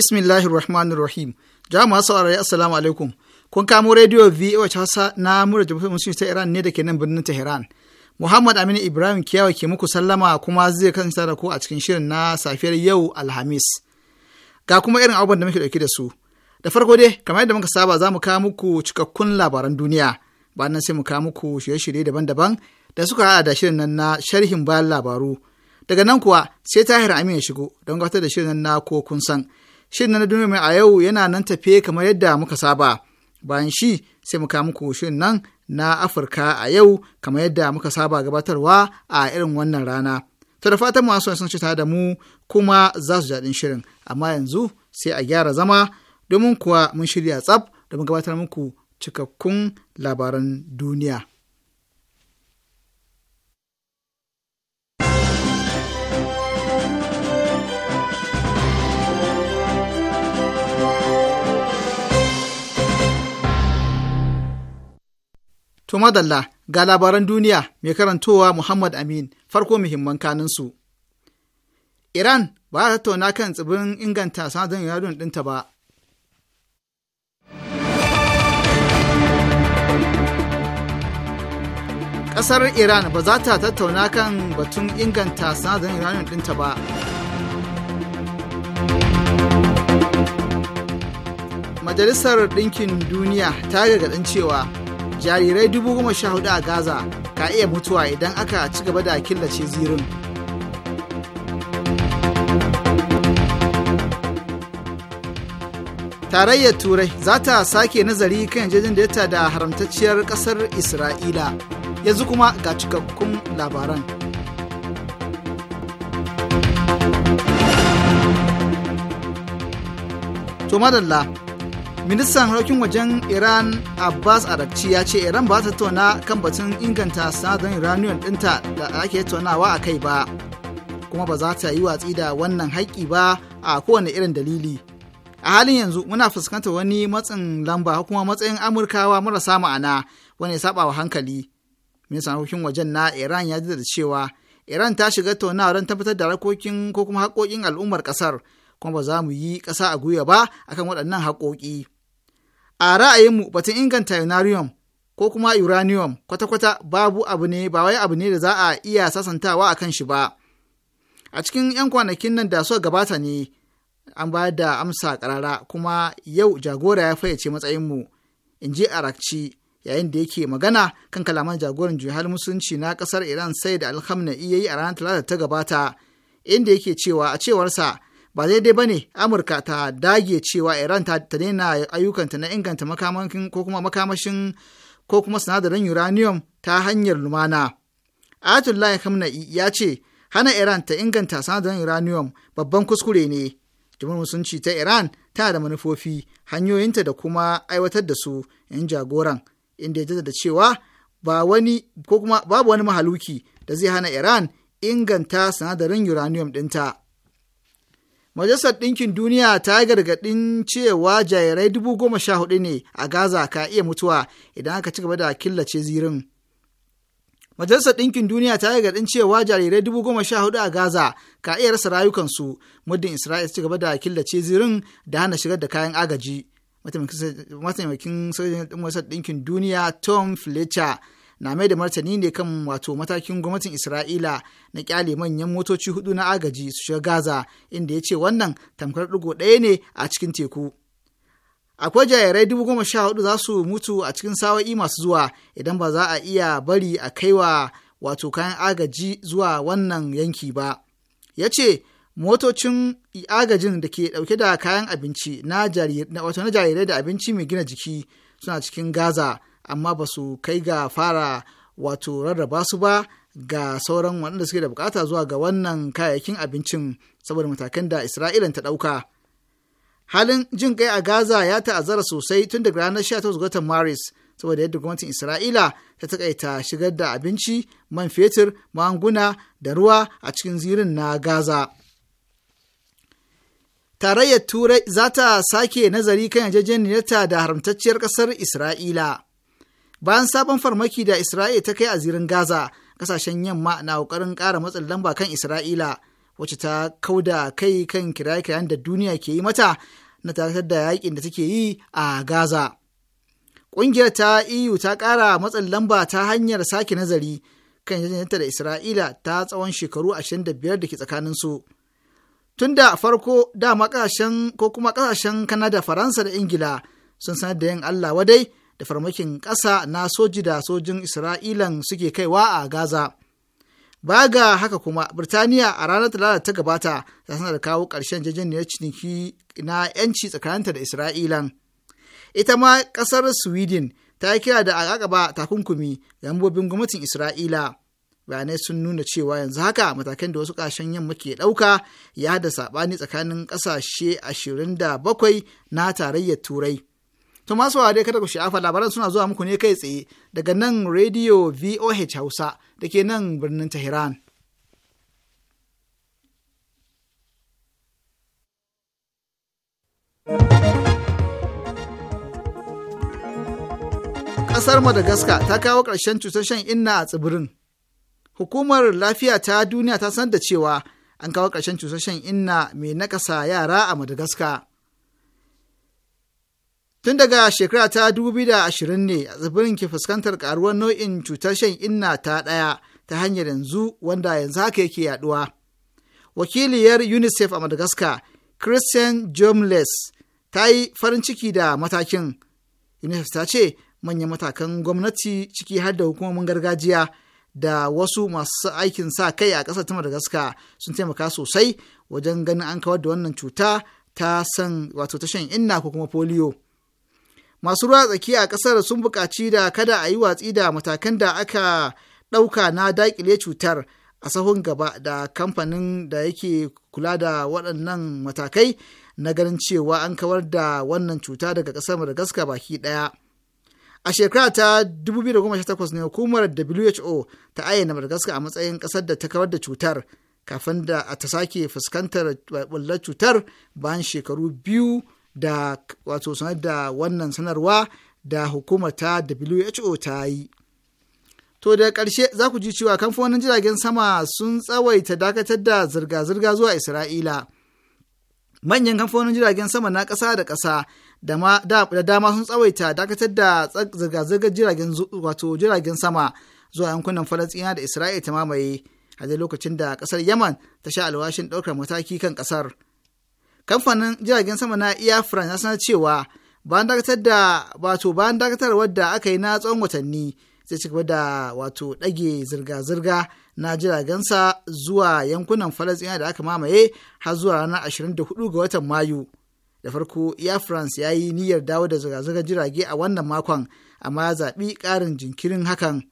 bismillahirrahmanirrahim Rahmanir Rahim. Jama'a saurari Assalamu alaikum. Kun kamo rediyo VOH Hausa na Mura Jamhuriyar Musulunci ta Iran ne da ke nan birnin Tehran. Muhammad Aminu Ibrahim Kiyawa ke muku sallama kuma zai kasance da ku a cikin shirin na safiyar yau Alhamis. Ga kuma irin abubuwan da muke dauke da su. Da farko dai, kamar yadda muka saba za mu kawo muku cikakkun labaran duniya. Bayan nan sai mu kawo muku shirye-shirye daban-daban da suka haɗa da shirin nan na sharhin bayan labaru. Daga nan kuwa sai Tahir Amin ya shigo don gabatar da shirin nan na ko kun san. Shirin na duniya mai a yau yana nan tafe kamar yadda muka saba. Bayan shi sai muka muku shirin nan na Afirka a yau kamar yadda muka saba gabatarwa a irin wannan rana. Ta da fatan masu sun ci da mu kuma za su jaɗin shirin. Amma yanzu sai a gyara zama domin kuwa mun shirya tsaf domin gabatar muku cikakkun labaran duniya. To madalla ga labaran duniya mai karantowa Muhammad Amin farko muhimman kaninsu. Iran ba ta tattauna kan tsibirin inganta sanadin yadon ɗinta ba. Ƙasar Iran ba za ta tattauna kan batun inganta sanadin yadon ɗinta ba. Majalisar Ɗinkin Duniya ta gargaɗin cewa jarirai dubu goma sha hudu a gaza ka iya mutuwa idan aka ci gaba da killace zirin tarayyar turai za ta sake nazari kan jejin da da haramtacciyar kasar isra'ila yanzu kuma ga cikakkun labaran to madalla ministan harkokin wajen iran abbas arakci ya ce iran ba ta tona kan batun inganta sinadarin uranium dinta da ake tonawa a kai ba kuma ba za ta yi watsi da wannan haƙƙi ba a kowane irin dalili a halin yanzu muna fuskantar wani matsin lamba kuma matsayin amurkawa marasa ma'ana wani saba wa hankali ministan harkokin wajen na iran ya da cewa iran ta shiga tonawa don tabbatar da harkokin ko kuma haƙoƙin al'ummar ƙasar kuma ba za mu yi ƙasa a gwiwa ba akan waɗannan haƙoƙi. A ra'ayinmu batun inganta uranium ko kuma uranium kwata-kwata babu abu ne ba wai abu ne da za a iya sasantawa a kan shi ba. A cikin 'yan kwanakin nan da suka gabata ne an ba da amsa ƙarara kuma yau jagora ya fayyace matsayinmu in ji Arakci yayin da yake magana kan kalaman jagoran jihar musulunci na ƙasar iran sai da alhamna iya yi a ranar talata ta gabata inda yake cewa a cewarsa ba daidai ba ne amurka ta dage cewa iran ta daina ayyukanta na inganta makamakin ko kuma makamashin ko kuma sinadarin uranium ta hanyar lumana ayatollah khamenei ya ce hana iran ta inganta sinadarin uranium babban kuskure ne jimin musulunci ta iran tana da manufofi hanyoyinta da kuma aiwatar da su in jagoran inda ya da cewa ba wani ko kuma babu wani mahaluki da zai hana iran inganta sinadarin uranium dinta. Majalisar Ɗinkin Duniya ta yi gargaɗin cewa jairai dubu goma sha hudu ne a Gaza ka iya mutuwa idan aka ci gaba da killace zirin. Majalisar Ɗinkin Duniya ta yi gargaɗin cewa jarirai dubu goma sha hudu a Gaza ka iya rasa rayukansu muddin Isra'il ci gaba da killace zirin da hana shigar da kayan agaji. Mataimakin Sojojin Majalisar Ɗinkin Duniya Tom Fletcher na mai da martani ne kan wato matakin gwamnatin Isra'ila na kyale manyan motoci hudu na agaji su shiga Gaza inda ya ce wannan tamkar ɗigo ɗaya ne a cikin teku. Akwai jarirai dubu goma sha hudu za su mutu a cikin sawa'i masu zuwa idan ba za a iya bari a kaiwa wato kayan agaji zuwa wannan yanki ba. Ya ce motocin agajin da ke dauke da kayan abinci na jarirai da abinci mai gina jiki suna cikin Gaza. amma ba su kai ga fara wato rarraba su ba ga sauran waɗanda suke da bukata zuwa ga wannan kayayyakin abincin saboda matakan da isra'ila ta ɗauka halin jin kai a gaza ya ta'azzara sosai tun daga ranar sha ga watan maris saboda yadda gwamnatin isra'ila ta takaita shigar da abinci man fetur magunguna da ruwa a cikin zirin na gaza tarayyar turai za ta sake nazari kan yarjejeniyarta da haramtacciyar ƙasar isra'ila bayan sabon farmaki da isra'ila ta kai a zirin gaza kasashen yamma na ƙoƙarin ƙara matsin lamba kan isra'ila wacce ta kauda kai kan kiraye-kirayen da duniya ke yi mata na takatar da yakin da take yi a gaza ƙungiyar ta eu ta ƙara matsin lamba ta hanyar sake nazari kan yarjejeniyarta da isra'ila ta tsawon shekaru 25 da ke tsakaninsu tun da farko dama ƙasashen ko kuma ƙasashen kanada faransa da ingila sun sanar da yin allah wadai da farmakin ƙasa na soji da sojin Isra'ilan suke kaiwa a Gaza. Ba ga haka kuma, Birtaniya a ranar Talata ta gabata ta sanar da kawo ƙarshen jajeniyar ciniki na 'yanci tsakaninta da Isra'ilan. Ita ma ƙasar Sweden ta yi kira da a takunkumi ga mambobin gwamnatin Isra'ila. bayanai sun nuna cewa yanzu haka matakan da wasu ƙashen yamma ke ɗauka ya da saɓani tsakanin ƙasashe ashirin da bakwai na tarayyar turai To masu dai kada ku sha'afa labaran suna zuwa muku ne kai tsaye daga nan Radio VOH Hausa da ke nan birnin Tehran. Ƙasar Madagascar ta kawo ƙarshen cutar shan inna a tsibirin. Hukumar lafiya ta duniya ta san da cewa an kawo ƙarshen cutar shan inna mai nakasa yara a Madagascar. Tun daga shekara ta da ashirin ne a tsibirin ke fuskantar karuwar nau'in cutar shan inna ta ɗaya ta hanyar yanzu wanda yanzu haka yake yaduwa. Wakiliyar UNICEF a Madagascar, Christian Jomles, ta yi farin ciki da matakin. UNICEF ta ce manyan matakan gwamnati ciki har da hukumomin gargajiya da wasu masu aikin sa kai a ƙasar ta Madagascar sun taimaka sosai wajen ganin an kawar da wannan cuta ta san wato ta shan inna ko kuma polio. masu ruwa tsaki a ƙasar sun buƙaci da kada a yi watsi da matakan da aka ɗauka na daƙile cutar a sahun gaba da kamfanin da yake kula da waɗannan matakai na ganin cewa an kawar da wannan cuta daga ƙasar Madagascar baki ɗaya. A shekara ta 2018 ne hukumar WHO ta ayyana Madagascar a matsayin ƙasar da ta kawar da cutar kafin da a ta sake fuskantar bullar cutar bayan shekaru biyu da wato sanar da wannan sanarwa da hukumar ta WHO ta yi. To da ƙarshe za ku ji cewa kamfanonin jiragen sama sun tsawaita dakatar da zirga-zirga zuwa Isra'ila. Manyan kamfanonin jiragen sama na ƙasa da ƙasa da dama sun tsawaita dakatar da zirga-zirgar jiragen wato jiragen sama zuwa yankunan Falasɗina da Isra'ila ta mamaye a lokacin da ƙasar Yaman ta sha alwashin ɗaukar mataki kan ƙasar. kamfanin jiragen sama na air france ya sanar cewa bayan dakatar da wato bayan dakatar wadda aka yi na tsawon watanni zai ci gaba da wato ɗage zirga-zirga na jiragensa zuwa yankunan falasɗina da aka mamaye har zuwa ranar 24 ga watan mayu da farko air france ya yi niyyar dawo da zirga-zirgar jirage a wannan makon amma ya zaɓi ƙarin jinkirin hakan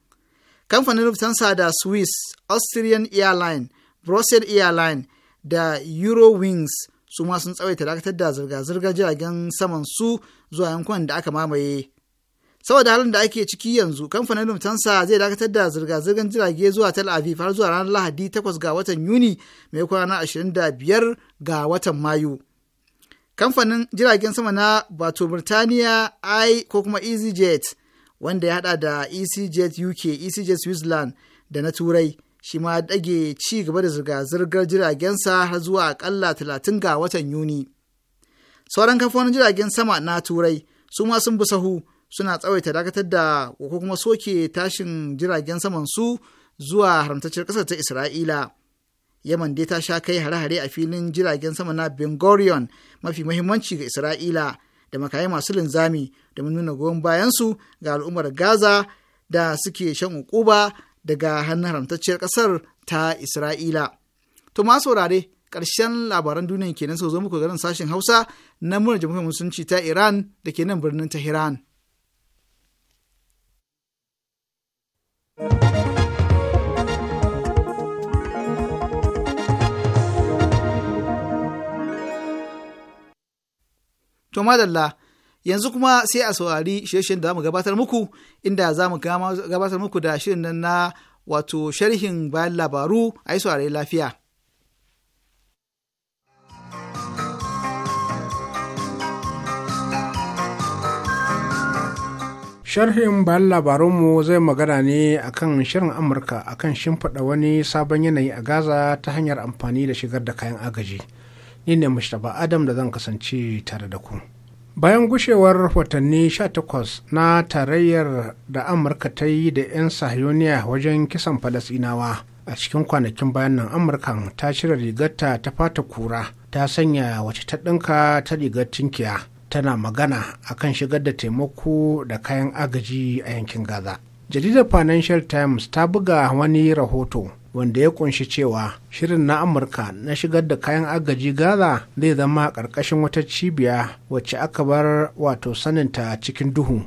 kamfanin lufthansa da swiss austrian airline brussels airline da eurowings su ma sun tsawaita dakatar da zirga-zirgar jiragen saman su zuwa yankunan da aka mamaye saboda halin da ake ciki yanzu kamfanin Lumtansa zai dakatar da zirga-zirgar jirage zuwa Tel Aviv har zuwa ranar Lahadi 8 ga watan Yuni mai kwana 25 ga watan Mayu. Kamfanin jiragen sama na bato Birtaniya I ko kuma EasyJet wanda ya hada da EasyJet UK, EasyJet Switzerland da na Turai shi ma ɗage ci gaba da zirga-zirgar jiragensa har zuwa akalla talatin ga watan Yuni. Sauran kafofin jiragen sama na Turai su ma sun bi sahu suna tsawaita dakatar da ko kuma soke tashin jiragen saman su zuwa haramtacciyar ƙasar ta Isra'ila. Yaman dai ta sha kai hare-hare a filin jiragen sama na Ben Gurion mafi mahimmanci ga Isra'ila da makaye masu linzami domin nuna goyon bayansu ga al'ummar Gaza da suke shan ukuba daga hannun haramtacciyar ƙasar ta Isra'ila. To ma saurare ƙarshen labaran duniya kenan sau zo muku garin sashen Hausa na murar jamhuriyar musulunci ta Iran da ke nan birnin Tehran. To madalla yanzu kuma sai a saurari shirye-shiryen da mu gabatar muku inda za mu gabatar muku da shirin nan na wato sharhin bayan labaru a yi saurari lafiya. Sharhin bayan labarunmu zai magana ne akan shirin Amurka akan shimfiɗa wani sabon yanayi a Gaza ta hanyar amfani da shigar da kayan agaji. Ni ne mashtaba Adam da zan kasance tare da ku. bayan gushewar watanni 18 na tarayyar da amurka ta yi da 'yan sahiyoniya wajen kisan falasinawa a cikin kwanakin bayan nan amurkan ta cire rigarta ta fata kura ta sanya wace ta ɗinka ta rigar tinkiya tana magana akan shigar da taimako da kayan agaji a yankin gaza jaridar financial times ta buga wani rahoto wanda ya kunshi cewa shirin na amurka na shigar da kayan agaji gaza zai zama ƙarƙashin wata cibiya wacce aka bar wato saninta cikin duhu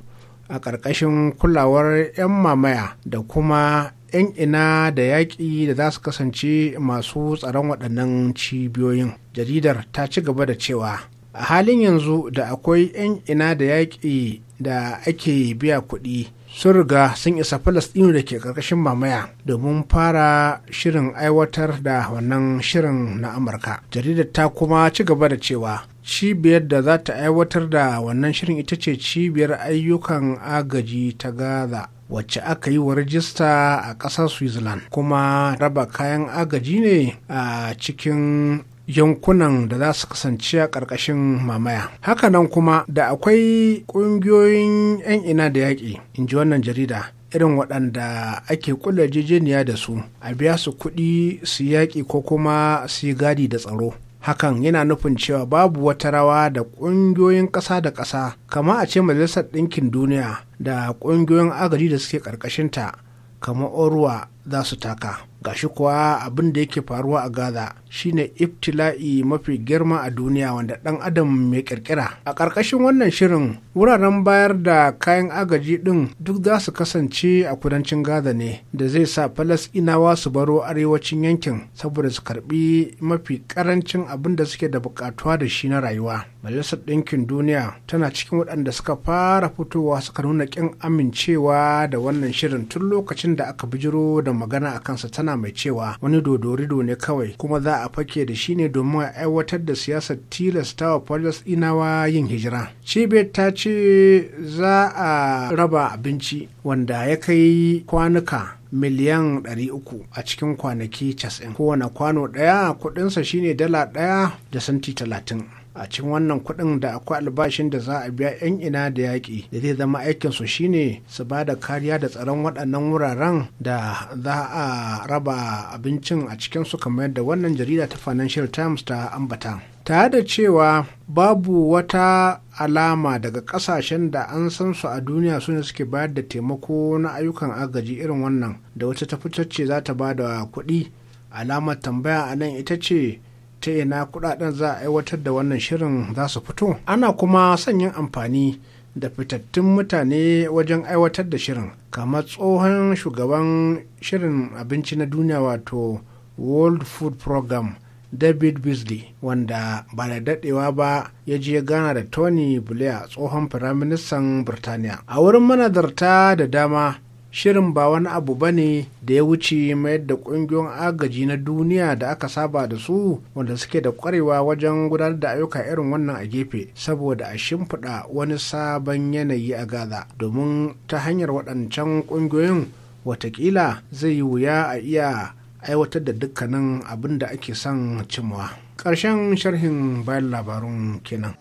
a ƙarƙashin kulawar 'yan mamaya da kuma 'yan ina da yaƙi da za su kasance masu tsaron waɗannan cibiyoyin jaridar ta ci gaba da cewa a halin yanzu da akwai 'yan ina da yaƙi da ake biya kuɗi sun riga sun isa falastinu da ke ƙarƙashin mamaya domin fara shirin aiwatar da wannan shirin na amurka jaridar ta kuma ci gaba da cewa cibiyar da za ta aiwatar da wannan shirin ita ce cibiyar ayyukan agaji ta gaza wacce aka yi wa rajista a ƙasar switzerland kuma raba kayan agaji ne a cikin yankunan da za su kasance a ƙarƙashin mamaya. Hakanan kuma da akwai ƙungiyoyin 'yan ina da yaƙi, in ji wannan jarida. irin waɗanda ake kula jejeniya da su a biya su kuɗi su yaƙi ko kuma su yi gadi da tsaro hakan yana nufin cewa babu wata rawa da ƙungiyoyin ƙasa da ƙasa kama a ce majalisar ɗinkin duniya da ƙungiyoyin agaji da suke ƙarƙashinta kama orwa za su taka gashi kuwa abin da yake faruwa a gaza shine iftila'i mafi girma a duniya wanda dan adam mai kirkira a ƙarƙashin wannan shirin wuraren bayar da kayan agaji ɗin duk za su kasance a kudancin gaza ne da zai sa falasɗinawa su baro arewacin yankin saboda su karbi mafi ƙarancin abin da suke da buƙatuwa da shi na rayuwa majalisar ɗinkin duniya tana cikin waɗanda suka fara fitowa suka nuna ƙin amincewa da wannan shirin tun lokacin da aka bijiro da da magana a kansa tana mai cewa wani dodorido ne kawai kuma za a fake da shi ne domin a aiwatar da siyasar tilastawa inawa yin hijira Cibe ta ce za a raba abinci wanda ya kai kwanuka miliyan 300 a cikin kwanaki 90 kowane kwano daya kudinsa shine dala daya da santi talatin. a cikin wannan kuɗin da akwai albashin da za a biya 'yan ina da yaƙi da zai zama aikin su shine su ba da kariya da tsaron waɗannan wuraren da za a raba abincin a cikin su kamar yadda wannan jarida ta financial times ta ambata tare da cewa babu wata alama daga kasashen da an san su a duniya su ne suke bayar da taimako na ayyukan agaji irin wannan da wata tafitacce za ta ba da kuɗi alamar tambaya a nan ita ce ta yana kudaden za a aiwatar da wannan shirin za su fito ana kuma sanyin amfani da fitattun mutane wajen aiwatar da shirin kamar tsohon shugaban shirin abinci na duniya wato world food program david beasley wanda ba da dadewa ba ya je gana da tony blair tsohon firaministan birtaniya a wurin manazarta da dama shirin ba wani abu ba ne da ya wuce mayar da ƙungiyoyin agaji na duniya da aka saba da su wanda suke da ƙwarewa wajen gudanar da ayyuka irin wannan a gefe saboda a shimfiɗa wani sabon yanayi a gaza domin ta hanyar waɗancan ƙungiyoyin watakila zai yi wuya a iya aiwatar da dukkanin abin da ake son cimwa ƙarshen sharhin bayan labarun kenan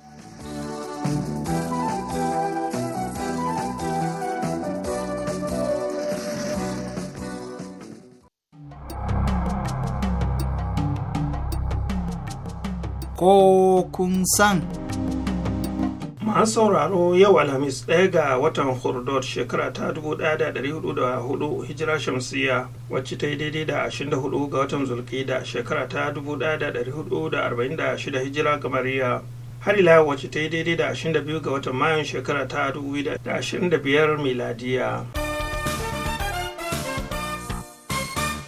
ko kun san. masu sauraro yau alhamis ɗaya ga watan hurdor shekara ta 1404 hijira shamsiya wacce ta yi daidai da 24 ga watan zulkida shekara ta 1446 hijira gamariya har ila wacce ta yi daidai da 22 ga watan Mayan shekara ta 2025 miladiya.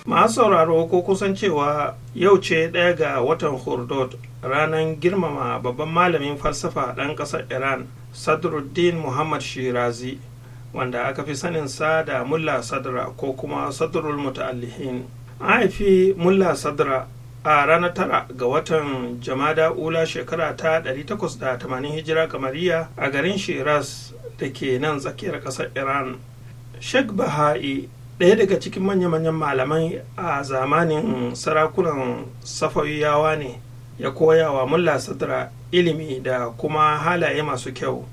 masu sauraro ko kusan cewa yau ce ɗaya ga watan hurdot ranar girmama babban malamin falsafa ɗan ƙasar iran sadruddin muhammad shirazi wanda aka fi sanin sa da mulla sadra ko kuma sadrul muta'allihin an haifi mulla sadra a ranar tara ga watan jamada ula shekara ta 880 hijira kamariya a garin shiraz da ke nan tsakiyar ƙasar iran sheikh baha'i ɗaya daga cikin manya-manyan malamai a zamanin sarakunan safawiyawa ne ya koya wa mulla sadara ilimi da kuma halaye masu kyau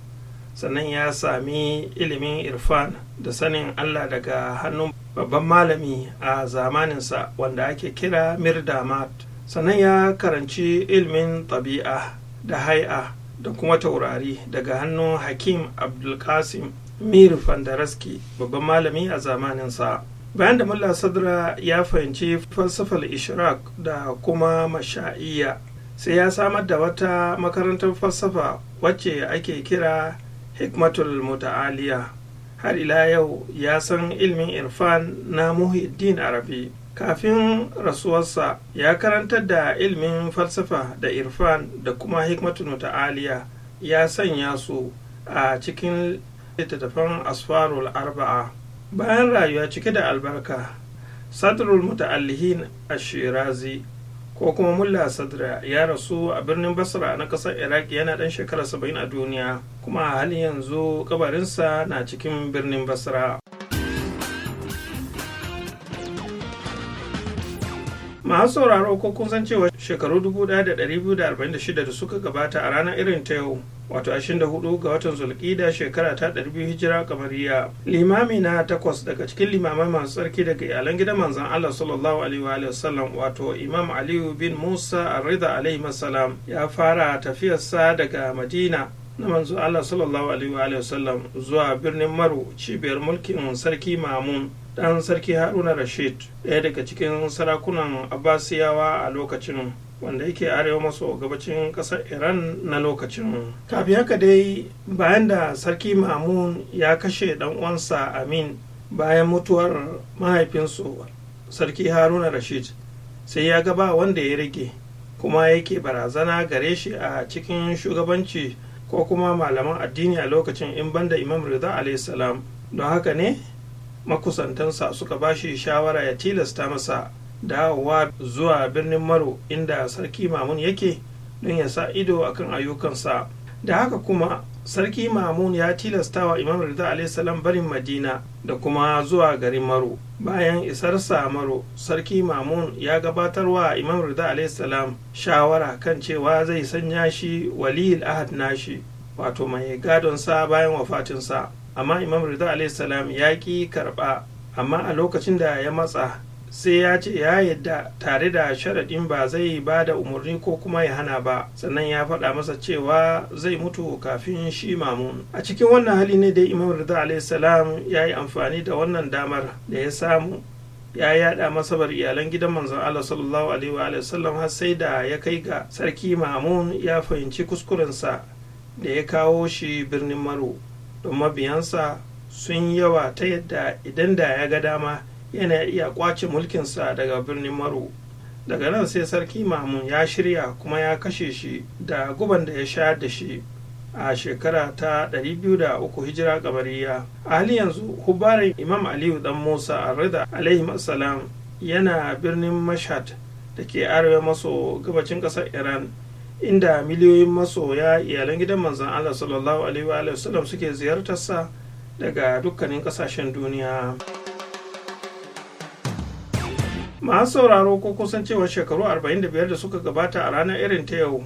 sannan ya sami ilimin irfan da sanin allah daga hannun babban malami a zamaninsa wanda ake kira mirdamat sannan ya karanci ilimin tabi'a da hai'a da kuma taurari daga hannun hakim abdulkasim mir fandaraski babban malami a zamaninsa bayan da mullah sadra ya fahimci falsafar ishraq da kuma masha'iya sai ya samar da wata makarantar falsafa wacce ake kira hikmatul muta'aliya har ila yau ya san ilmin irfan na muhiddin arabi kafin rasuwarsa ya karantar da ilmin falsafa da irfan da kuma hikmatul muta'aliya ya sanya su a cikin littattafan asfarul arba'a bayan rayuwa cike da albarka sadrul muta'allihin ashirazi ko kuma mulla sadra ya rasu a birnin basra na ƙasar iraq yana ɗan shekara 70 a duniya kuma a halin yanzu kabarinsa na cikin birnin basra masu sauraro ko kun san cewa shekaru 1246 da suka gabata a ranar irin ta yau wato 24 ga watan zulkida shekara ta 200 hijira kamariya limami na takwas daga cikin limamai masu tsarki daga iyalan gidan manzan Allah sallallahu alaihi wa sallam wato imam aliyu bin musa arida alaihi masalam ya fara tafiyarsa daga madina na manzo Allah sallallahu alaihi wa sallam zuwa birnin maru cibiyar mulkin sarki mamun ɗan sarki haruna rashid ɗaya daga cikin sarakunan abbasiyawa a lokacin wanda yake arewa maso gabacin ƙasar iran na lokacin kafin haka dai bayan da sarki mamun ya kashe ɗan uwansa amin bayan mutuwar mahaifinsu sarki haruna rashid sai ya gaba wanda ya rage kuma yake barazana gare shi a cikin shugabanci ko kuma malaman addini a lokacin in banda imam rida salam don haka ne makusantansa suka ba shi shawara ya tilasta masa dawowa zuwa birnin maro inda sarki mamun yake don ya sa ido akan ayyukansa da haka kuma sarki mamun ya tilasta wa imam rida salam barin madina da kuma zuwa garin maro bayan isarsa maro sarki mamun ya gabatar wa imam rida salam shawara kan cewa zai sanya shi waliyil ahad nashi wato mai gadonsa bayan wafatinsa amma imam rida alaihissalam ya ƙi karba amma a lokacin da ya matsa sai ya ce ya yadda tare da sharaɗin ba zai ba da umarni ko kuma ya hana ba sannan ya faɗa masa cewa zai mutu kafin shi mamun a cikin wannan hali ne dai imam rida alaihissalam ya yi amfani da wannan damar da ya samu ya yada masabar iyalan gidan manzon Allah sallallahu alaihi wa sallam har sai da ya kai ga sarki mamun ya fahimci kuskurensa da ya kawo shi birnin maro don mabiyansa sun yawa ta yadda idan da ya ga dama yana iya kwace mulkinsa daga birnin maro daga nan sai sarki mamun ya shirya kuma ya kashe shi da guban da ya sha da shi a shekara ta 203 hijira gabariya. a hali yanzu hubarin imam aliyu dan musa arrida alaihi salam yana birnin mashad da ke arewa maso gabacin kasar iran inda miliyoyin masoya iyalan gidan manzan Allah sallallahu alaihi wa suke ziyartarsa daga dukkanin kasashen duniya. masu sauraro ko kusan cewa shekaru 45 da suka gabata a ranar irin ta yau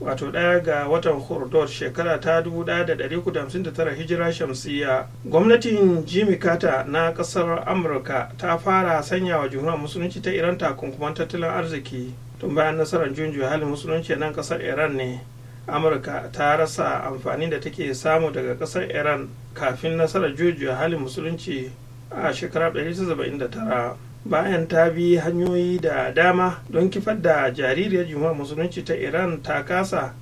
wato ɗaya ga watan hurdor shekara ta 1959 hijira shamsiya gwamnatin jimmy carter na ƙasar amurka ta fara sanya wa juna musulunci ta iran takunkuman tattalin arziki tun bayan nasarar junju halin musulunci nan kasar iran ne amurka ta rasa amfani da take samu daga kasar iran kafin nasarar junju halin musulunci a shekarar 1979 bayan ta bi hanyoyi da dama don kifar da jaririyar juma musulunci ta iran ta kasa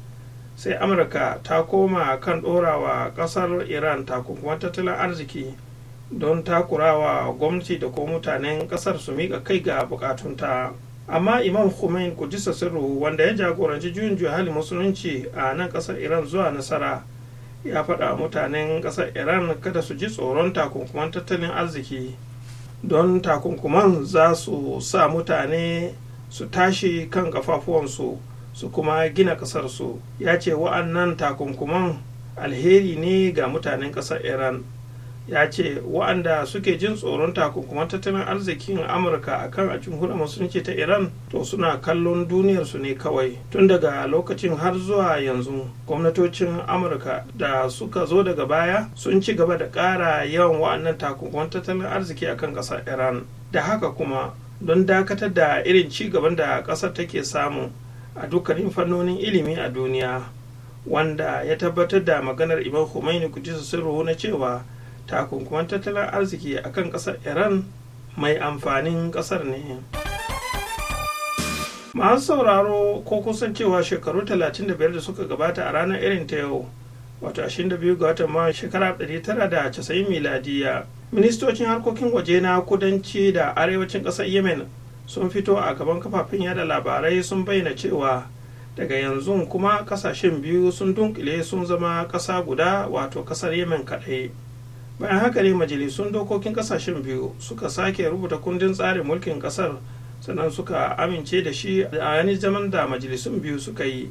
sai amurka ta koma kan ɗorawa kasar iran takunkuman tattalin arziki don takurawa gwamnati da ko mutanen kasar su mika kai ga bukatunta. amma imam khomein ji sirru wanda ya jagoranci juyin juya hali musulunci a nan kasar iran zuwa nasara ya faɗa mutanen kasar iran kada su ji tsoron takunkuman tattalin arziki don takunkuman za su sa mutane su tashi kan kafafuwansu su kuma gina kasarsu ya ce wa'annan takunkuman alheri ne ga mutanen kasar iran ya ce waɗanda suke jin tsoron takunkuman tattalin arzikin amurka a kan a jamhuriyar musulunci ta iran to suna kallon duniyarsu ne kawai tun daga lokacin har zuwa yanzu gwamnatocin amurka da suka zo daga baya sun ci gaba da ƙara yawan wa'annan takunkuman tattalin arziki a kan ƙasar iran da haka kuma don dakatar da irin ci gaban da ƙasar take samu a dukkanin fannonin ilimi a duniya wanda ya tabbatar da maganar imam khomeini kudisu sirruhu na cewa takunkuman tattalin arziki a kan iran mai amfanin ƙasar ne masu sauraro ko kusan cewa shekaru 35 da suka gabata a ranar irin ta yau wato 22 ga watan mayu shekara 990 miladiya ministocin harkokin waje na kudanci da arewacin ƙasar yemen sun fito a gaban kafafen yada labarai sun bayyana cewa daga yanzu kuma kasashen biyu sun dunkile sun zama ƙasa guda wato ƙasar yemen kaɗai bayan haka ne majalisun dokokin kasashen biyu suka sake rubuta kundin tsarin mulkin kasar sannan suka amince da shi a yanin zaman da majalisun biyu suka yi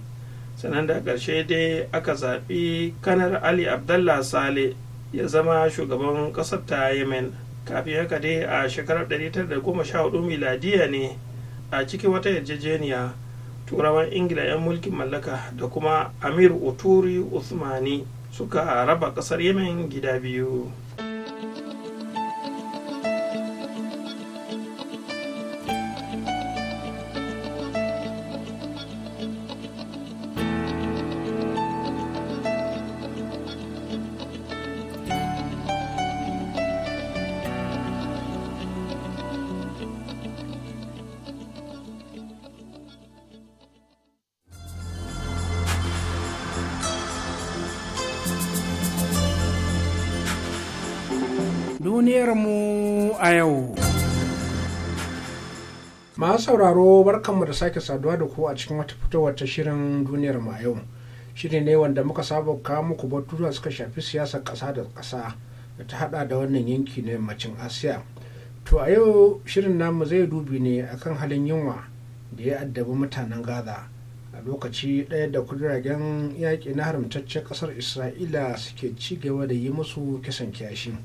sannan da ƙarshe dai aka zaɓi kanar ali abdallah sale ya zama shugaban ƙasar ta yemen kafin haka dai a shekarar 1914 miladiya ne a ciki wata yarjejeniya turawan ingila 'yan mulkin mallaka da kuma amir uturi usmani suka raba ƙasar yemen gida biyu masu sauraro barkanmu da sake saduwa da ku a cikin wata fitowar ta shirin duniyar ma yau shiri ne wanda muka saba kawo muku batutuwa suka shafi siyasar kasa da kasa da ta hada da wannan yanki na yammacin asiya to a yau shirin namu zai dubi ne akan halin yunwa da ya addabi mutanen gaza a lokaci ɗaya da kudiragen yaƙi na haramtaccen ƙasar isra'ila suke ci gaba da yi musu kisan kiyashi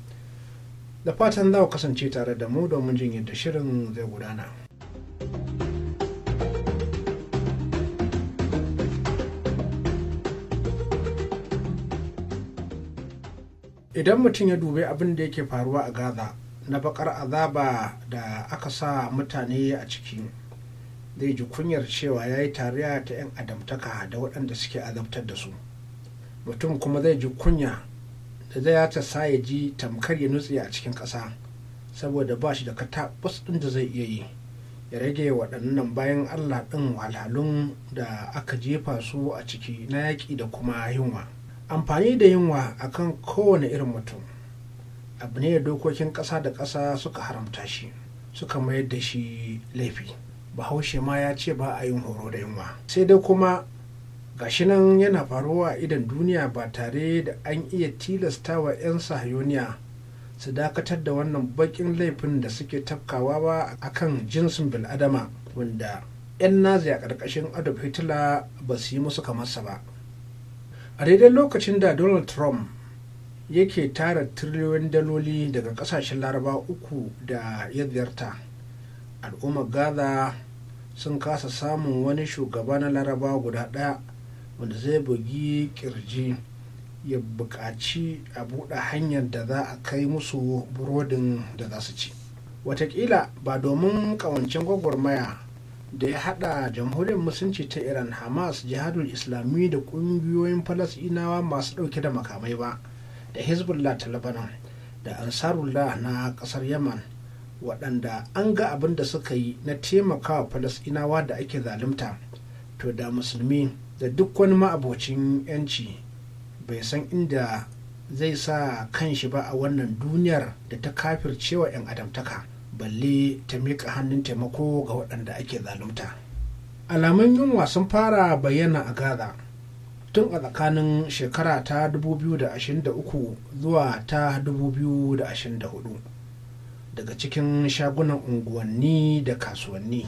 da fatan za ku kasance tare da mu domin jin yadda shirin zai gudana. idan mutum ya dubi abin da yake faruwa a gaza na bakar azaba da aka sa mutane a ciki zai ji kunyar cewa ya yi tariya ta 'yan adamtaka da waɗanda suke azabtar da su mutum kuma zai ji kunya da zai ta sa ya ji tamkar ya nutse a cikin ƙasa saboda ba shi da ka ɗin da zai iya yi ya rage waɗannan bayan allah ɗin alhalun da aka jefa su a ciki na yaƙi da kuma yunwa amfani da yunwa kan kowane irin mutum abu ne da dokokin ƙasa da ƙasa suka haramta shi suka mayar da shi laifi bahaushe ma ya ce ba a yin horo da yunwa sai dai kuma gashi nan yana faruwa idan duniya ba tare da an iya tilasta wa 'yan sahayoniya su dakatar da wannan bakin laifin da suke tafkawa ba a kan jinsin bil'adama wanda 'yan nazi a ƙarƙashin adolf hitler ba su yi musu kamarsa ba a daidai lokacin da donald trump yake tara tiriliyoyin daloli daga ƙasashen laraba uku da ya ziyarta al'ummar gaza sun kasa samun wani shugaba na laraba guda ɗaya wanda zai bugi kirji ya buƙaci a buɗe hanyar da za a kai musu burodin da za su ci watakila ba domin ƙawancin gwagwarmaya da ya haɗa jamhuriyar musulunci ta iran hamas jihadul islami da ƙungiyoyin falasinawa masu ɗauke da makamai ba da hezbollah ta lebanon da ansarullah na ƙasar yaman waɗanda an ga abin da suka yi na taimakawa falasinawa da ake zalunta to da musulmi da duk wani ma'abocin 'yanci bai san inda zai sa kanshi ba a wannan duniyar da ta cewa 'yan adamtaka balle ta miƙa hannun taimako ga waɗanda ake zalunta alamun yunwa sun fara bayyana a gaza tun a tsakanin shekara ta 2023 zuwa ta 2024 daga cikin shagunan unguwanni da kasuwanni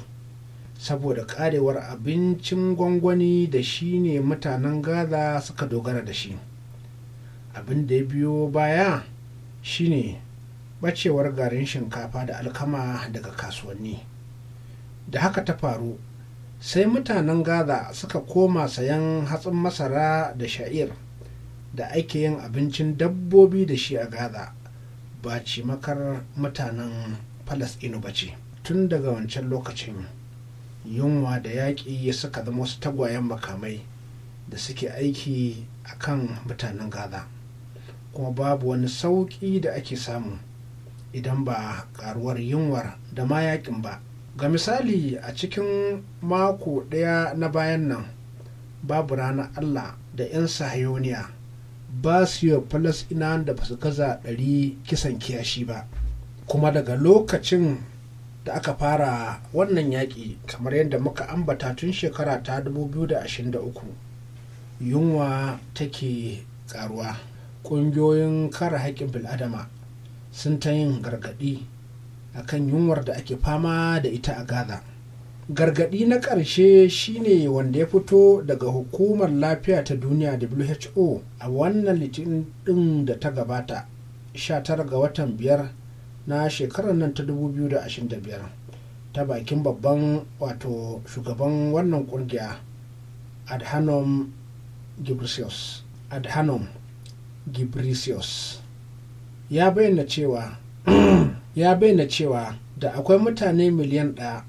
saboda karewar abincin gwangwani da shi ne mutanen gaza suka dogara da shi abin da ya biyo baya shine bacewar garin shinkafa da alkama daga kasuwanni da haka ta faru sai mutanen gaza suka koma sayan hatsin masara da sha'ir da ake yin abincin dabbobi da shi a gaza ba cimakar mutanen falasɗinu ba ce tun daga wancan lokacin yunwa da yaƙi suka zama wasu tagwayen makamai da suke aiki a kan mutanen gaza kuma babu wani sauƙi da ake samu idan ba karuwar yunwar da ma yakin ba ga misali a cikin mako ɗaya na bayan nan babu ranar allah da 'yan sahayoniya ba su yi falasɗina da ba su gaza ɗari kisan kiyashi ba kuma daga lokacin da aka fara wannan yaƙi kamar yadda muka ambata tun shekara ta 2023 yunwa take karuwa ƙungiyoyin kare haƙƙin bil'adama sun ta yin gargaɗi a kan yunwar da ake fama da ita a gaza gargaɗi na ƙarshe shine wanda ya fito daga hukumar lafiya ta duniya who a wannan litinin ɗin da ta gabata 19 ga watan biyar na shekarar nan ta 2025 ta bakin babban wato shugaban wannan ƙungiya adhanom ghebreyesus adhanom gibrisius ya bayyana cewa ya bayyana cewa da akwai mutane miliyan ɗaya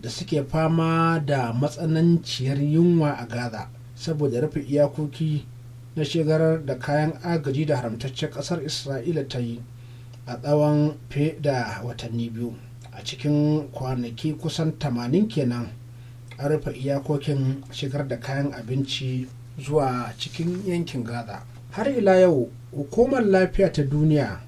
da suke fama da matsananciyar yunwa a gaza saboda rufe iyakoki na shigar da kayan agaji da haramtaccen ƙasar isra'ila ta yi a tsawon fiye da watanni biyu a cikin kwanaki kusan tamanin kenan a rufe iyakokin shigar da kayan abinci zuwa cikin yankin gaza har ila yau hukumar lafiya ta duniya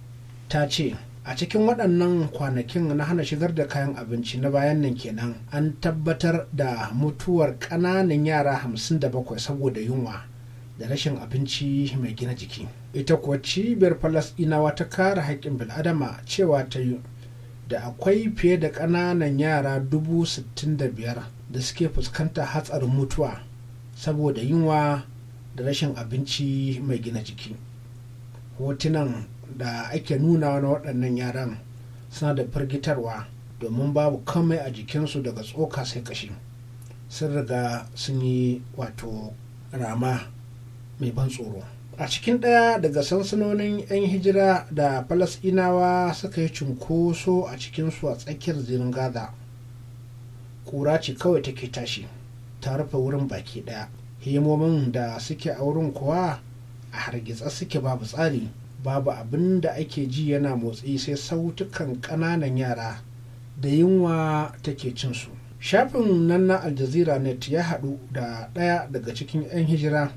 ta ce a cikin waɗannan kwanakin na hana shigar da kayan abinci na bayan nan kenan an tabbatar da mutuwar ƙananan yara 57 saboda yunwa da rashin abinci mai gina jiki ita kuwa cibiyar falasɗinawa ta kare haƙƙin bil'adama cewa ta yi da akwai fiye da ƙananan yara 65,000 da suke fuskanta hatsarin mutuwa saboda yunwa da rashin abinci mai gina jiki hotunan da ake nuna na waɗannan yaran suna da firgitarwa domin babu kamai a jikinsu daga tsoka sai kashi sun riga sun yi wato rama mai ban tsoro a cikin ɗaya daga sansanonin 'yan hijira da falasɗinawa suka yi cunkoso a cikinsu a tsakiyar zirin gaza ƙura ce kawai take tashi ta rufe wurin baki ɗaya Hemomin da suke a wurin kuwa a hargitsa suke babu tsari babu abin da ake ji yana motsi sai sautukan ƙananan yara da yunwa take cinsu shafin nan na aljazeera net ya haɗu da ɗaya daga cikin 'yan hijira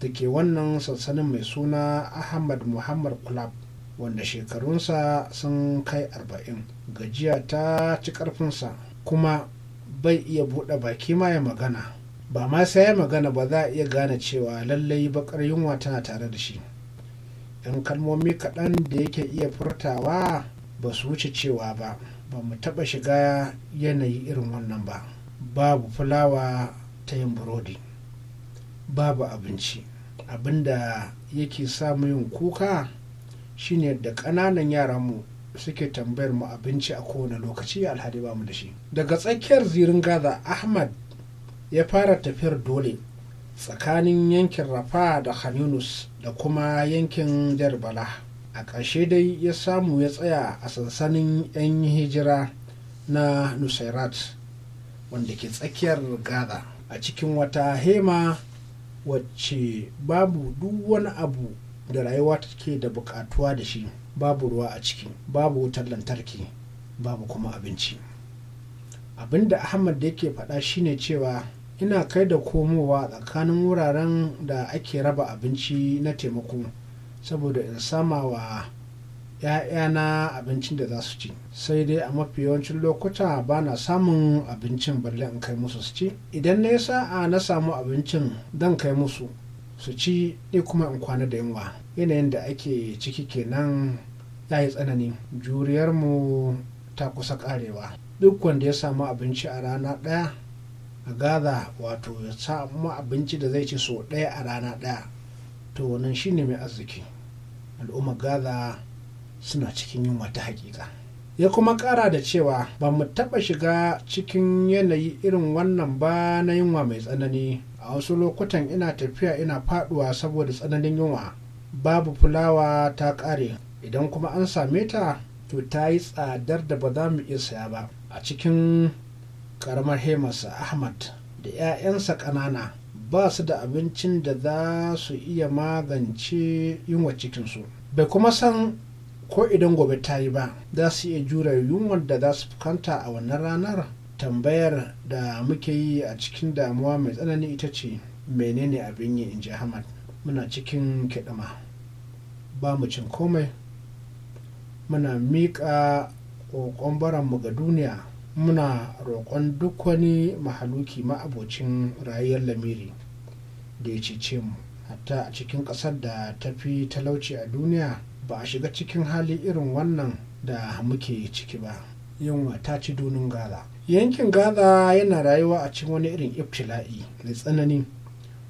da ke wannan sansanin mai suna ahmad muhammad kulab wanda shekarunsa sun kai arba'in gajiya ta ci ƙarfinsa kuma bai iya buɗe baki ma ya magana ba ma sai ya magana ba za a iya gane cewa lallai bakar yunwa tana tare da shi yan kalmomi kaɗan da yake iya furtawa ba su wuce cewa ba ba mu taɓa shiga yanayi irin wannan ba babu fulawa ta yin burodi babu abinci abinda yake samu yin kuka shine da ƙananan yaranmu suke tambayar mu abinci a kowane lokaci alhadi ba mu da shi daga tsakiyar zirin gaza ahmad ya fara tafiyar dole tsakanin yankin rafa da khanunus da kuma yankin jarbala a ƙarshe dai ya samu ya tsaya a sansanin 'yan hijira na nusairat wanda ke tsakiyar gaza a cikin wata hema wacce babu duk wani abu da rayuwa take da bukatuwa da shi babu ruwa a ciki babu wutar lantarki babu kuma abinci abinda ahmad da yake faɗa shine cewa ina kai da komowa tsakanin wuraren da ake raba abinci na taimako saboda in sama wa ‘ya'yana abincin da za su ci sai dai a mafi yawancin lokuta ba na samun abincin balle in kai musu su ci idan na sa'a na samu abincin zan kai musu su ci ne kuma in kwana da yunwa yanayin da ake ciki kenan ya yi tsanani juriyarmu ta kusa karewa duk wanda ya samu abinci a rana ɗaya a gaza wato ya samu abinci da zai ci so ɗaya a rana ɗaya to wannan shine mai arziki Al'umma gaza suna cikin yunwa ta hakika ya kuma ƙara da cewa ba mu taɓa shiga cikin yanayi irin wannan ba na yunwa mai tsanani a wasu lokutan ina tafiya ina faɗuwa saboda tsananin yunwa babu fulawa ta ƙare idan kuma an same ta to ta yi tsadar da ba za mu iya saya ba a cikin karamar hemarsa ahmad da 'ya'yansa ƙanana ba su da abincin da za su iya magance yunwa cikinsu bai kuma san ko idan gobe ta yi ba za su iya jure yunwar da za su fuskanta a wannan ranar tambayar da muke yi a cikin damuwa mai tsanani ita ce menene abin yi in ji ahmad muna cikin kiɗima ba mu cin komai muna miƙa ƙoƙon baranmu ga duniya muna roƙon duk wani mahaluki ma'abocin rayuwar lamiri da ya cece mu hatta a cikin ƙasar da ta fi talauci a duniya ba a shiga cikin hali irin wannan da muke ciki ba yunwa ta ci dunin gaza yankin gaza yana rayuwa a cikin wani irin Iftila'i mai tsanani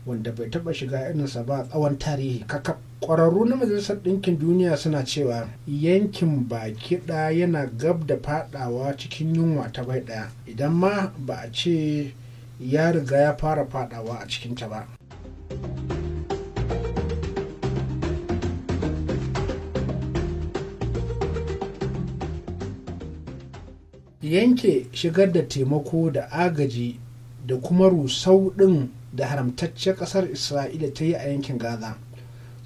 wanda bai taɓa shiga irinsa ba tsawon tarihi kakab ƙwararru na majalisar ɗinkin duniya suna cewa yankin baki ɗaya yana gab da fadawa cikin yunwa ta bai ɗaya idan ma ba a ce ya riga ya fara fadawa a cikinta ba yanke shigar da taimako da agaji da kuma rusau ɗin da haramtaccen ƙasar isra'ila ta yi a yankin gaza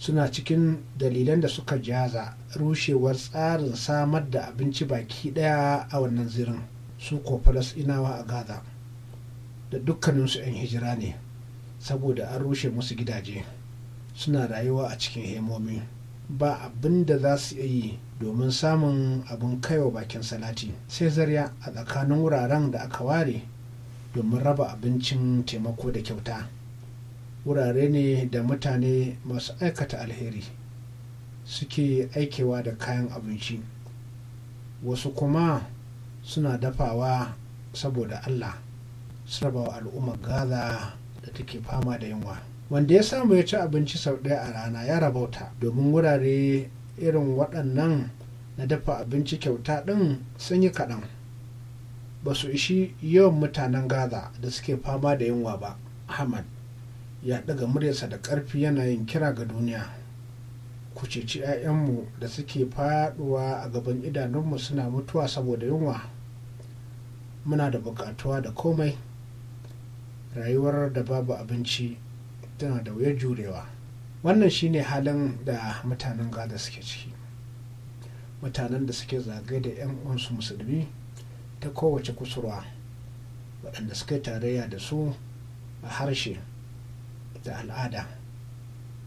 suna cikin dalilan da suka jaza rushewar tsarin samar da abinci baki daya a wannan zirin su ko inawa a gaza da dukkaninsu 'yan hijira ne saboda an rushe musu gidaje suna rayuwa a cikin hemomi ba abin da za su yi domin samun abin kaiwa bakin salati sai zarya a tsakanin wuraren da aka ware domin raba abincin taimako da kyauta wurare ne da mutane masu aikata alheri suke aikewa da kayan abinci wasu kuma suna dafawa saboda allah su rabawa al'ummar gaza da take fama da yunwa wanda ya samu ya ci abinci sau ɗaya a rana ya rabauta domin wurare irin waɗannan na dafa abinci kyauta ɗin sun yi kaɗan ba su ishi yawan mutanen gaza da suke fama da yunwa ba ahmad ya ɗaga muryarsa da ƙarfi yana yin kira ga duniya ku ceci 'ya'yanmu da suke faɗuwa a gaban idanunmu suna mutuwa saboda yunwa muna da buƙatuwa da komai rayuwar da babu abinci tana da wuyar jurewa wannan shine halin da mutanen Gada suke ciki mutanen da suke zagaye da 'yan uwansu musulmi ta kowace kusurwa waɗanda suka tarayya da su a harshe da al'ada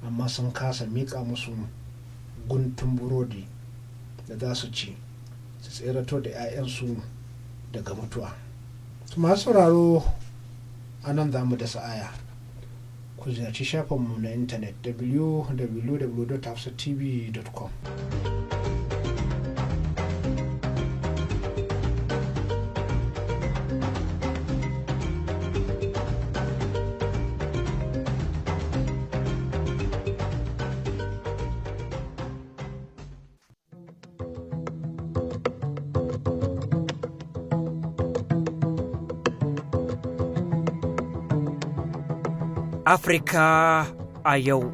amma sun kasa miƙa musu guntun burodi da za su ci su tserato da 'ya'yansu daga mutuwa su masu sauraro a nan za mu da sa'aya ku ziyarci shafinmu na intanet www.tafsatv.com Afirka a yau.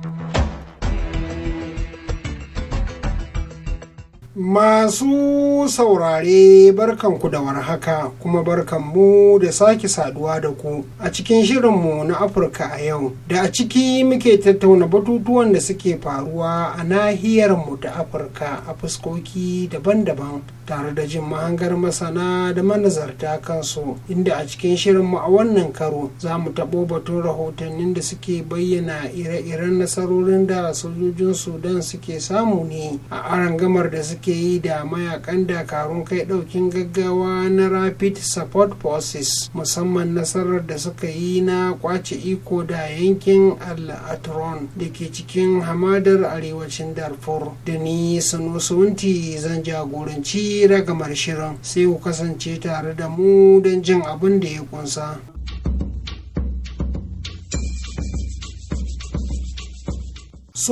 Masu saurare barkanku da warhaka kuma barkanmu da sake saduwa da ku a cikin shirinmu na Afirka a yau da a ciki muke tattauna batutuwan da suke faruwa a nahiyarmu ta Afirka a fuskoki daban-daban tare da jin mahangar masana da manazarta kansu inda a cikin shirinmu a wannan karo za mu taɓo batun rahotannin da suke bayyana ire-iren nasarorin da sojojin Sudan suke samu ne a arangamar da suke yi da mayakan dakarun kai daukin gaggawa na rapid support forces musamman nasarar da suka yi na kwace iko da yankin al-atron da ke cikin hamadar arewacin darfur da ni sunti zan jagoranci ragamar shirin sai ku kasance tare da mu don jin abin da ya kunsa.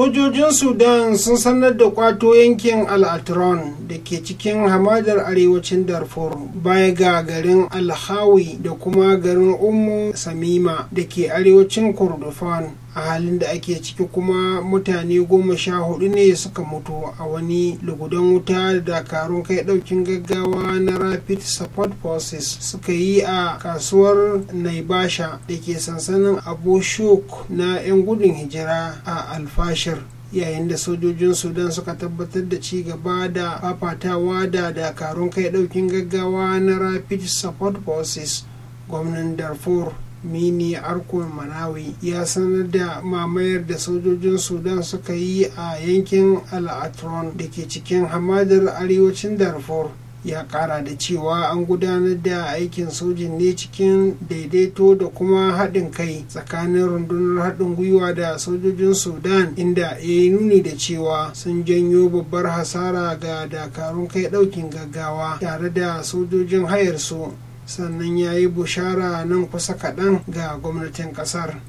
sojojin sudan sun sanar da kwato yankin al'atron da ke cikin hamadar arewacin darfur baya ga garin alhawi da kuma garin ummu samima da ke arewacin kordofan a halin da ake ciki kuma mutane goma sha hudu ne suka mutu a wani lugudan wuta da dakarun kai daukin gaggawa na rapid support forces suka yi a kasuwar naibasha da ke sansanin abushuk na 'yan gudun hijira a alfashir yayin da sojojin sudan suka tabbatar da ci gaba da fafatawa da dakarun kai daukin gaggawa na rapid support forces gwamnan darfur mini arko manawi ya sanar da mamayar da sojojin sudan suka yi a yankin al'atron da ke cikin hamadar arewacin darfur ya kara da cewa an gudanar da aikin sojin ne cikin daidaito da kuma haɗin kai tsakanin rundunar haɗin gwiwa da sojojin sudan inda ya yi nuni da cewa sun janyo babbar hasara ga dakarun kai ɗaukin gaggawa tare da sojojin hayar su sannan ya yi bushara nan kusa kaɗan ga gwamnatin ƙasar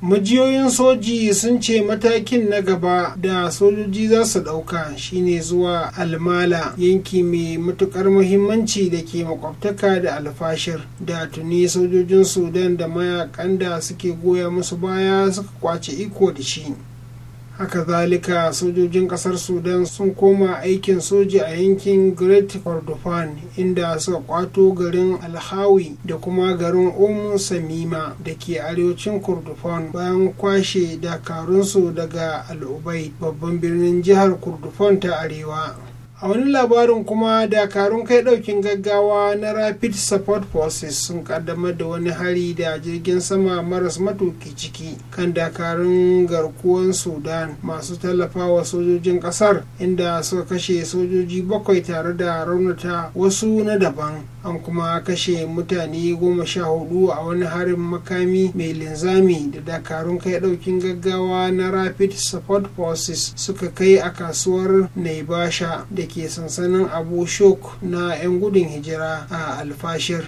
majiyoyin soji sun ce matakin na gaba da sojoji za su ɗauka shine zuwa almala yanki mai matukar muhimmanci da ke makwabtaka da alfashir da tuni sojojin sudan da mayakan da suke goya musu baya suka kwace iko da shi haka zalika sojojin kasar sudan sun koma aikin soji a yankin great kordofan inda suka kwato garin alhawi da kuma garin umu samima da ke arewacin kordofan bayan kwashe dakarunsu daga al'ubai babban birnin jihar kordofan ta arewa a wani labarin kuma dakarun kai daukin gaggawa na rapid support forces sun kaddamar da wani hari da jirgin sama maras matuki ciki kan dakarun garkuwan sudan masu tallafawa sojojin kasar inda suka kashe sojoji bakwai tare da raunata wasu na daban an kuma kashe mutane goma sha hudu a wani harin makami mai linzami da dakarun kai daukin gaggawa na rapid support forces suka kai a kasuwar naibasha da ake ke sansanin abu shok na 'yan gudun hijira a alfashir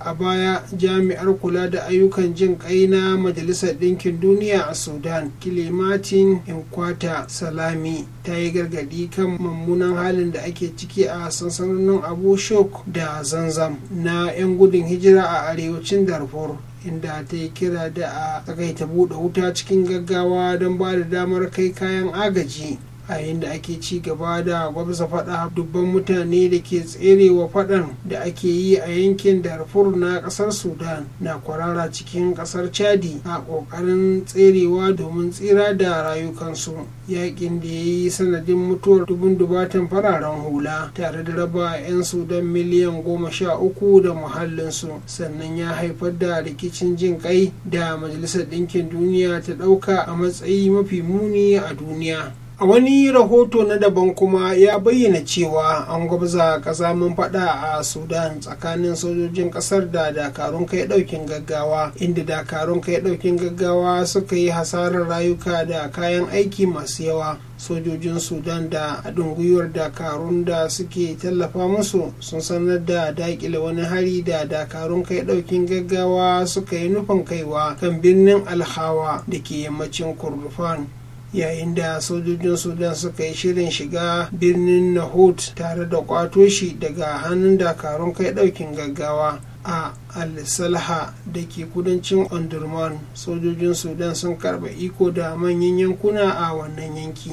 a baya jami'ar kula da ayyukan jin kai na majalisar ɗinkin duniya a sudan kilimatin inkwata salami ta yi gargaɗi kan mummunan halin da ake ciki a sansanin abu shok da zanzam na 'yan gudun hijira a arewacin darfur inda ta yi kira da a tsakaita buɗe wuta cikin gaggawa don ba da damar kai kayan agaji a yadda ake ci gaba da gwamza faɗa dubban mutane da ke tserewa faɗan da ake yi a yankin darfur na ƙasar sudan na kwarara cikin ƙasar chadi a ƙoƙarin tserewa domin tsira da rayukansu yakin da ya yi sanadin mutuwar dubun dubatan fararen hula tare da raba 'yan sudan miliyan goma sha uku da muhallinsu sannan ya haifar da rikicin jin kai da majalisar ɗinkin duniya ta ɗauka a matsayi mafi muni a duniya a wani rahoto na daban kuma ya bayyana cewa an gwabza mun fada a sudan tsakanin sojojin kasar da dakarun kai daukin gaggawa inda dakarun kai daukin gaggawa suka yi hasarar rayuka da kayan aiki masu yawa sojojin sudan da haɗin gwiwar dakarun da suke tallafa musu sun sanar da daƙile wani hari da dakarun kai ɗaukin gaggawa suka yi nufin kaiwa kan birnin alhawa da ke yammacin kurdufan yayin da sojojin sudan suka yi shirin shiga birnin nahut tare da kwato shi daga hannun dakarun kai daukin gaggawa a al-salha da ke kudancin ondurman sojojin sudan sun karba iko da manyan yankuna a wannan yanki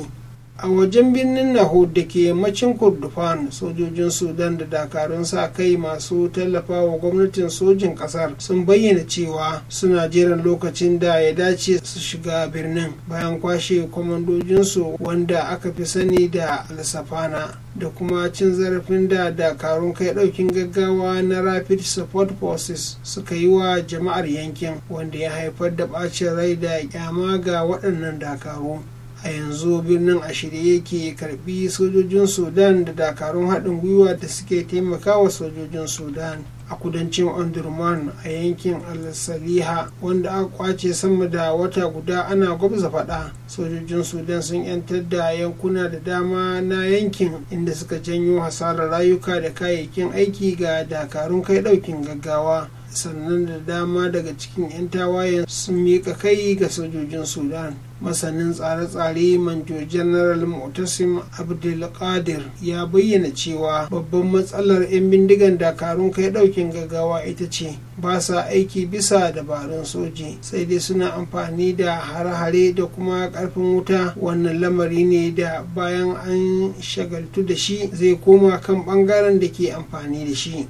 a wajen birnin nahod da ke yammacin kurdufan sojojin sudan da dakarun sa kai masu tallafa wa gwamnatin sojin kasar sun bayyana cewa suna jiran lokacin da ya dace su shiga birnin bayan kwashe kwamandojinsu wanda aka fi sani da alsafana da kuma cin zarafin da dakarun kai daukin gaggawa na rapid support forces suka yi wa jama'ar yankin wanda ya haifar da ɓacin rai da kyama ga waɗannan dakaru a yanzu birnin a yake karbi sojojin sudan da dakarun haɗin gwiwa da suke taimakawa sojojin sudan a kudancin Andurman a yankin al-saliha wanda aka kwace sama da wata guda ana gwabza faɗa sojojin sudan sun yantar da yankuna da dama na yankin inda suka janyo hasarar rayuka da kayayyakin aiki ga dakarun kai ɗaukin gaggawa sannan da dama daga cikin 'yan tawayen sun miƙa kai ga sojojin sudan masanin tsare-tsare manjo general mutasim abdulkadir ya bayyana cewa babban matsalar 'yan bindigan dakarun kai daukin gaggawa ita ce ba sa aiki bisa dabarun soji sai dai suna amfani da hare-hare da kuma karfin wuta wannan lamari ne da bayan an shagaltu da shi zai koma kan bangaren da ke amfani da shi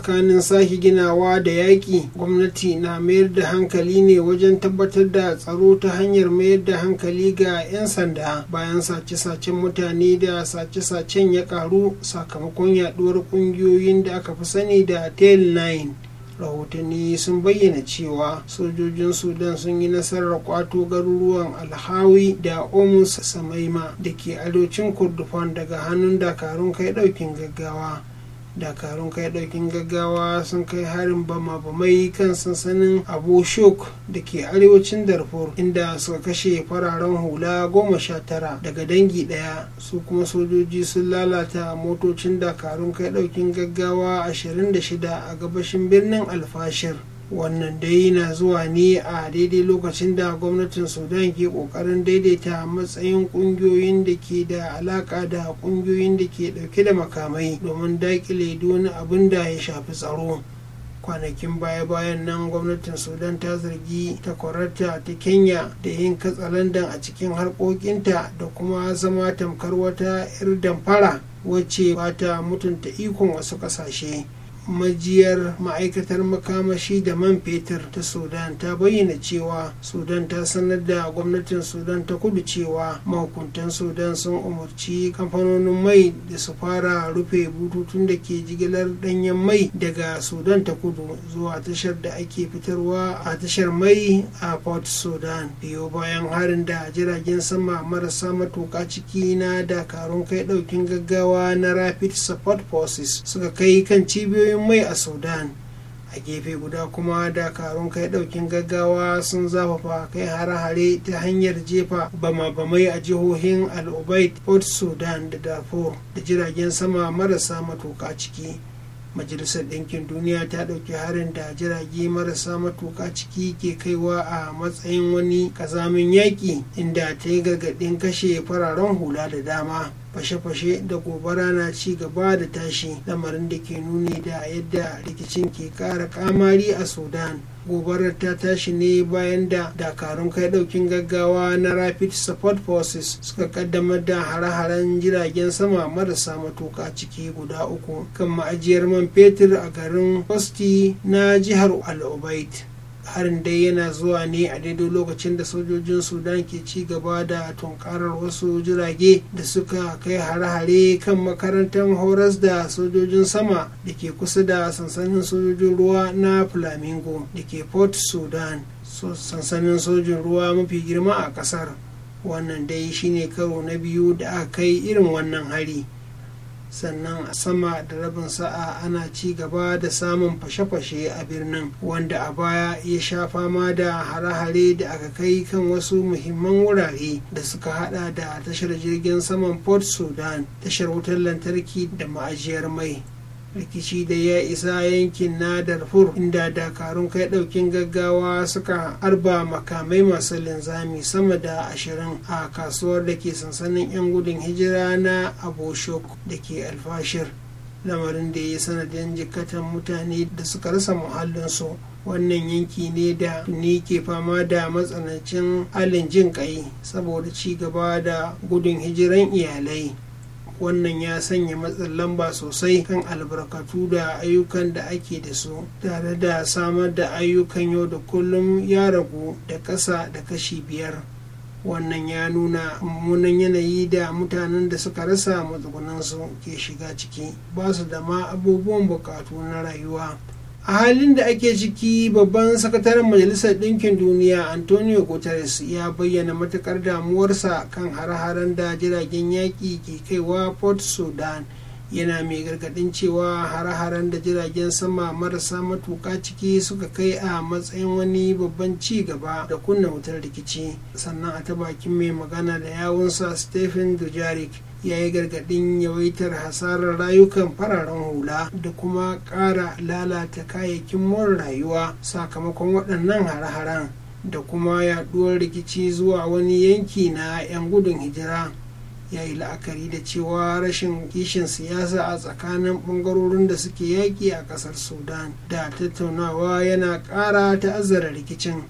tsakanin sake ginawa da yaƙi gwamnati na mayar da hankali ne wajen tabbatar da tsaro ta hanyar mayar da hankali ga 'yan sanda bayan sace-sacen mutane da sace-sacen ya ƙaru sakamakon yaɗuwar ƙungiyoyin da aka fi sani da tail 9 rahotanni sun bayyana cewa sojojin sudan sun yi nasarar kwato garuruwan alhawi da omus samaima da ke arewacin kurdufan daga hannun dakarun kai daukin gaggawa dakarun kai daukin gaggawa sun kai harin bama bamai kan sansanin abu shuk da ke arewacin darfur inda suka kashe fararen hula goma sha tara daga dangi daya su kuma sojoji sun lalata motocin dakarun kai daukin gaggawa ashirin da shida a gabashin birnin alfashir wannan dai na zuwa ne a daidai lokacin da gwamnatin sudan ke kokarin daidaita matsayin kungiyoyin da ke da alaka da kungiyoyin da ke dauke da makamai domin dakile don abin da ya shafi tsaro kwanakin baya-bayan nan gwamnatin sudan ta zargi takwararta ta kenya da yin katsalandan a cikin harkokinta da kuma zama tamkar wata 'yar damfara wacce ba ta mutunta ikon wasu kasashe majiyar ma'aikatar makamashi da man fetur ta sudan ta bayyana cewa sudan ta sanar da gwamnatin sudan ta kudu cewa mahukuntan sudan sun umarci kamfanonin mai da su fara rufe bututun da ke jigilar danyen mai daga sudan ta kudu zuwa tashar da ake fitarwa a tashar mai a port sudan biyo bayan harin da jiragen sama marasa matuka ciki na dakarun kai daukin gaggawa na rapid support forces suka kai kan cibiyoyin matatun mai a sudan a gefe guda kuma dakarun kai daukin gaggawa sun zafafa kai hare-hare ta hanyar jefa bama-bamai a jihohin al-ubaid sudan da darfur da jiragen sama marasa matuka ciki majalisar ɗinkin duniya ta ɗauki harin da jirage marasa matuka ciki ke kaiwa a matsayin wani ƙazamin yaƙi inda ta yi gargaɗin kashe fararen hula da dama fashe-fashe da gobara na ci gaba da tashi lamarin da ke nuni da yadda rikicin ke ƙara ƙamari a sudan gobarar ta tashi ne bayan da dakarun kai daukin gaggawa na rapid support forces suka kaddamar da hare-haren jiragen sama marasa matuka ciki guda uku kan ma'ajiyar man fetur a garin Kosti na jihar al harin dai yana zuwa ne a daidai lokacin da sojojin sudan ke ci gaba da tunkarar wasu jirage da suka kai hare-hare kan makarantar horas da sojojin sama da ke kusa da sansanin sojojin ruwa na flamingo da ke port sudan sansanin sojin ruwa mafi girma a kasar wannan dai shine karo na biyu da aka kai irin wannan hari sannan a sama da rabin sa'a ana ci gaba da samun fashe-fashe a birnin wanda a baya ya sha fama da hare-hare da aka kai kan wasu muhimman wurare da suka hada da tashar jirgin saman port sudan tashar wutar lantarki da ma'ajiyar mai rikici da ya isa yankin na darfur inda dakarun kai daukin gaggawa suka harba makamai masu linzami sama da ashirin a kasuwar da ke sansanin 'yan gudun hijira na aboshok da ke alfashir lamarin da ya sanadin jikatan mutane da suka rasa muhallinsu wannan yanki ne da ni ke fama da matsanancin halin jin kai saboda ci gaba da gudun hijiran iyalai wannan ya sanya matsin lamba sosai kan albarkatu da ayyukan da ake da su tare da samar da ayyukan yau da kullum ya ragu da ƙasa da kashi biyar wannan ya nuna mummunan yanayi da mutanen da suka rasa matsugunansu ke shiga ciki ba su da ma abubuwan bukatu na rayuwa a halin da ake ciki babban sakataren majalisar ɗinkin duniya antonio guterres ya bayyana matukar damuwarsa kan har-haren da jiragen yaƙi ke kaiwa port sudan yana mai gargaɗin cewa har-haren da jiragen sama marasa matuƙa ciki suka kai a matsayin wani babban ci gaba da kunna wutar rikici sannan a ta bakin mai magana da yawunsa stephen dujarik ya yi gargaɗin yawaitar hasarar rayukan fararen hula da kuma ƙara lalata kayayyakin more rayuwa sakamakon waɗannan haraharan. haren da kuma yaɗuwar rikici zuwa wani yanki na 'yan gudun hijira ya yi la'akari da cewa rashin kishin siyasa a tsakanin ɓangarorin da suke yaƙi a ƙasar sudan da tattaunawa yana ƙara ta'azzara rikicin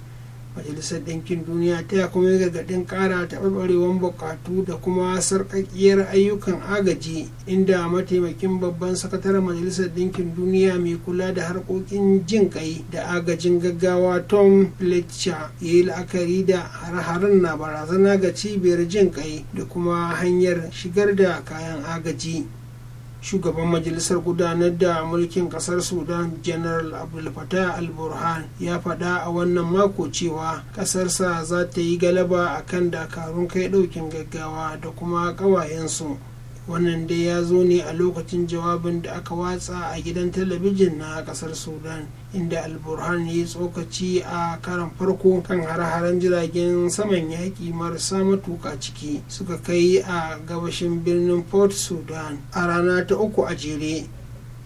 majalisar ɗinkin duniya ta ya kuma gargaɗin ƙara taɓarɓarewar buƙatu da kuma sarƙaƙiyar ayyukan agaji inda mataimakin babban sakataren majalisar ɗinkin duniya mai kula da harkokin jin ƙai da agajin gaggawa tom fletcher ya yi la'akari da hare-haren na barazana ga cibiyar jin ƙai da kuma hanyar shigar da kayan agaji shugaban majalisar gudanar da mulkin kasar sudan general Abdulfatah fatah al-burhan ya faɗa a wannan mako cewa ƙasarsa za ta yi galaba akan dakarun kai ɗaukin gaggawa da kuma ƙawayensu wannan dai ya zo ne a lokacin jawabin da aka watsa a gidan talabijin na kasar sudan inda alburhan ya tsokaci a karan farko kan har-haren jiragen saman yaƙi marasa matuka ciki suka kai a gabashin birnin port sudan a rana ta uku a jere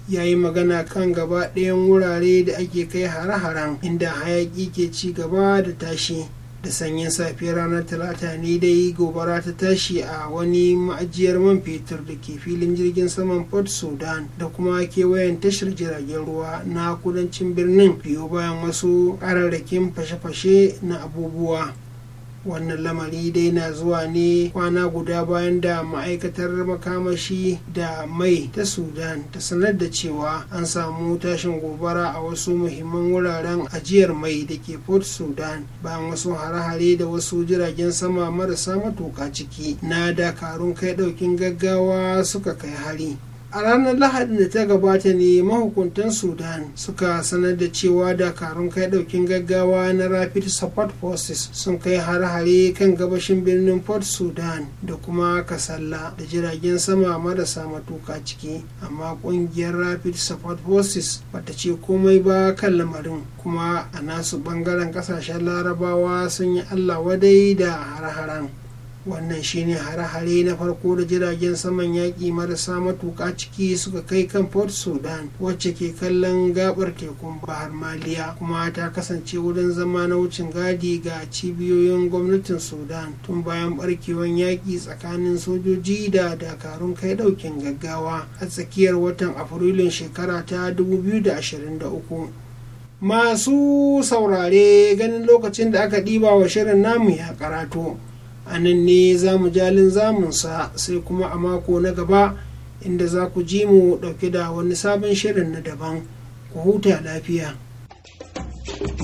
ya yi magana kan gaba ɗayan wurare da ake kai har haren inda hayaƙi ke ci gaba da tashi da sanyin safiyar ranar talata ne dai gobara ta tashi a wani ma'ajiyar man fetur da ke filin jirgin saman port sudan da kuma kewayen tashar jiragen ruwa na kudancin birnin biyo bayan wasu kararrakin fashe-fashe na abubuwa wannan lamari dai na zuwa ne kwana guda bayan da ma'aikatar makamashi da mai ta sudan ta sanar da cewa an samu tashin gobara a wasu muhimman wuraren ajiyar mai da ke port sudan bayan wasu hare-hare da wasu jiragen sama marasa matuka ciki na dakarun kai daukin gaggawa suka kai hari a ranar lahadin da ta gabata ne mahukuntan sudan suka sanar da cewa dakarun kai daukin gaggawa na rapid support forces sun kai harhare hare kan gabashin birnin port sudan da kuma kasalla da jiragen sama marasa matuka ciki amma kungiyar rapid support forces bata ce komai ba kan lamarin kuma a nasu bangaren kasashen larabawa sun yi allah wadai da hare-haren wannan shine hare-hare na farko da jiragen saman yaƙi marasa matuƙa ciki suka kai kan port sudan wacce ke kallon gabar tekun bahar maliya kuma ta kasance wurin zama na wucin gadi ga cibiyoyin gwamnatin sudan tun bayan barkewan yaƙi tsakanin sojoji da dakarun kai ɗaukin gaggawa a tsakiyar watan afrilun shekara ta 2023 masu saurare ganin lokacin da aka ɗiba wa shirin namu ya karatu a nan ne za mu jalin zamunsa sai kuma a mako na gaba inda za ku ji mu dauke da wani sabon shirin na daban ku huta lafiya. thank you